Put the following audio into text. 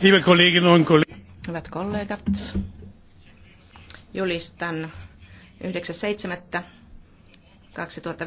Liebe Kolleginnen und Kollegen. Hyvät kollegat, julistan 9.7.2015